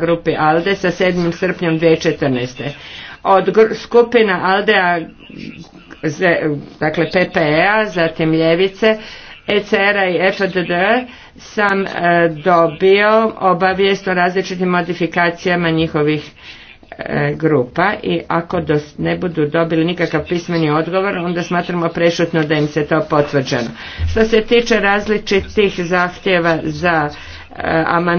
grupi ALDE sa 7. srpnjom 2014. Od skupina alde dakle PPE-a, zatim Ljevice, ECR-a i FDD sam e, dobio obavijest o različitim modifikacijama njihovih e, grupa i ako ne budu dobili nikakav pismeni odgovor onda smatramo prešutno da im se to potvrđeno. Što se tiče različitih zahtjeva za e,